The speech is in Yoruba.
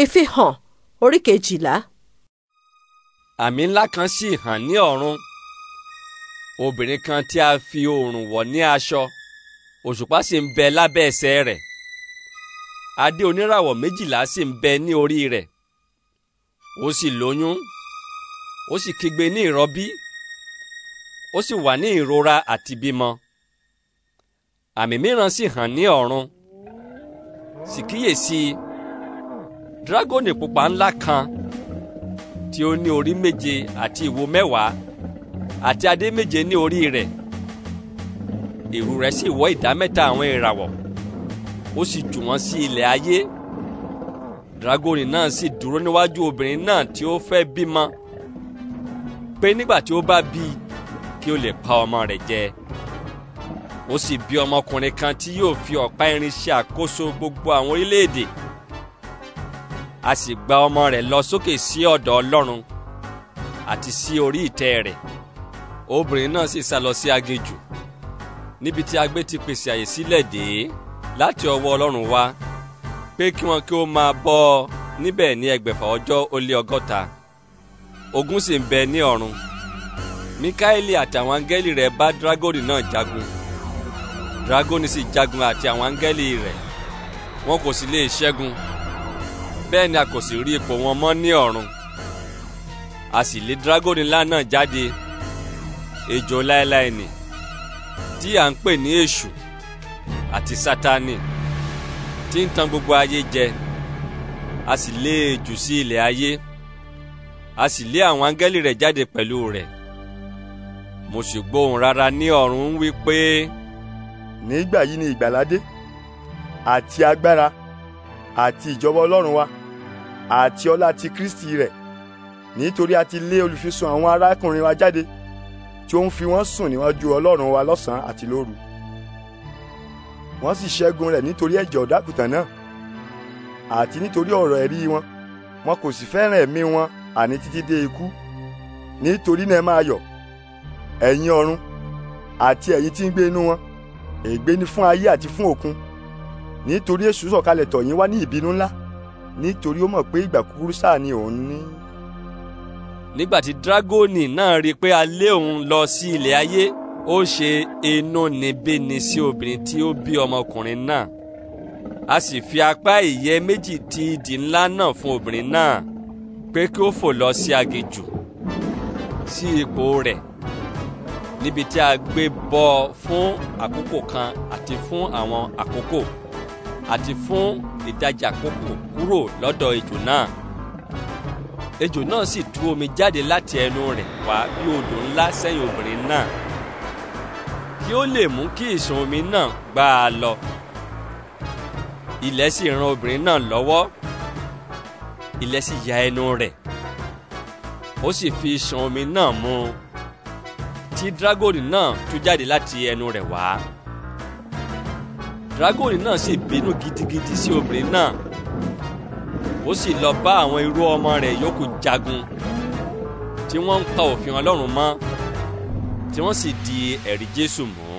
ìfihàn orí kejìlá. àmì ńlá kan sì hàn ní ọ̀run obìnrin kan tí a fi oòrùn wọ̀ ní aṣọ òṣùpá sì ń bẹ lábẹ́ ẹsẹ̀ rẹ̀ adé oníràwọ̀ méjìlá sì ń bẹ ní orí rẹ̀ ó sì lóyún ó sì kígbe ní ìrọbí ó sì wà ní ìrora àti bímọ àmì mìíràn sì hàn ní ọ̀run sì kíyèsí i dragoni pupa ńlá kan tí ó ní orí méje àti ìwo mẹ́wàá àti adé méje ní orí rẹ̀ ìrù rẹ̀ sì wọ́ ìdá mẹ́ta àwọn ìràwọ̀ ó sì jù wọ́n sí ilẹ̀ ayé dragoni náà sì dúró níwájú obìnrin náà tí ó fẹ́ bímọ pé nígbà tí ó bá bí kí ó lè pa ọmọ rẹ̀ jẹ ó sì bí ọmọkùnrin kan tí yóò fi ọ̀pá irin ṣe àkóso gbogbo àwọn orílẹ̀-èdè a sì gba ọmọ rẹ̀ lọ sókè sí ọ̀dọ̀ ọlọ́run àti sí orí ìtẹ́ rẹ̀ obìnrin náà sì sá lọ sí agejù níbi tí agbé ti pèsè àyè sílẹ̀ dé láti ọwọ́ ọlọ́run wá pé kí wọn kí ó máa bọ́ ọ ní ẹgbẹ̀fà ọjọ́ ó lé ọgọ́ta ogun sì ń bẹ ní ọ̀run mikaeli àtàwọn áńgẹ́lì rẹ̀ bá dragoni náà jagun dragoni sì jagun àti àwọn áńgẹ́lì rẹ̀ wọn kò sì lè ṣẹ́gun bẹ́ẹ̀ ni a kò sì rí ipò wọn mọ́ ní ọ̀run a sì lé dragoni ńlá náà jáde ejò láéláé ni tí à ń pè ní èṣù àti sátani tí ń tan gbogbo ayé jẹ a sì lé e jù sí ilẹ̀ ayé a sì lé àwọn áńgẹ́lì rẹ̀ jáde pẹ̀lú rẹ̀ mo sì gbóhùn rara ní ọ̀run wí nígbà yìí ni ìgbàládé àti agbára àti ìjọba ọlọ́run wa àti ọlá ti Kristi rẹ̀ nítorí a ti lé olùfisùn àwọn arákùnrin wa jáde tí ó ń fi wọ́n sùn níwájú Ọlọ́run wa lọ́sàn-án àti lóru wọ́n sì ṣẹ́gun rẹ̀ nítorí ẹ̀jẹ̀ ọ̀dàkùtàn náà àti nítorí ọ̀rọ̀ ẹ̀rí wọn wọn kò sì fẹ́ràn ẹ̀mí wọn àní títí dé ikú nítorí náà máa yọ̀ ẹ̀yin ọ̀run àti ẹ̀yin tí ń gbé inú wọn ègbé ni fún ayé àti fún òkun nítorí èṣù sọ̀kalẹ̀ tọ̀ wá ní ìbínú ńlá nítorí ó mọ̀ pé ìgbà kúkúrú sáà ni òun ní. nígbà dragoni náà rí i pé a lé òun lọ sí ilẹ̀ ayé ó ṣe inúnibíni sí obìnrin tí ó bí ọmọkùnrin náà a sì fi apá ìyẹ́ méjì ti idì ńlá náà fún obìnrin náà pé kí ó fò lọ sí aginjù sí ipò rẹ̀ níbi tí a gbé bọ́ fún àkókò kan àti fún àwọn àkókò àti fún ìdájà kókò kúrò lọ́dọ̀ ejò náà ejò náà sì tú omi jáde láti ẹnu rẹ̀ wá bí odò ńlá sẹ́yìn obìnrin náà kí ó lè mú kí ìsun omi náà gbá a lọ ilẹ̀ sì ran obìnrin náà lọ́wọ́ ilẹ̀ sì ya ẹnu rẹ̀ ó sì fi ìsun omi náà mu tí dragoni náà tú jáde láti ẹnu rẹ̀ wá dragoni náà sì bínú gidigidi sí obìnrin náà ó sì lọ bá àwọn irú ọmọ rẹ̀ yòókù jagun tí wọ́n ń pa òfin ọlọ́run mọ́ tí wọ́n sì di ẹ̀rí jésù mú.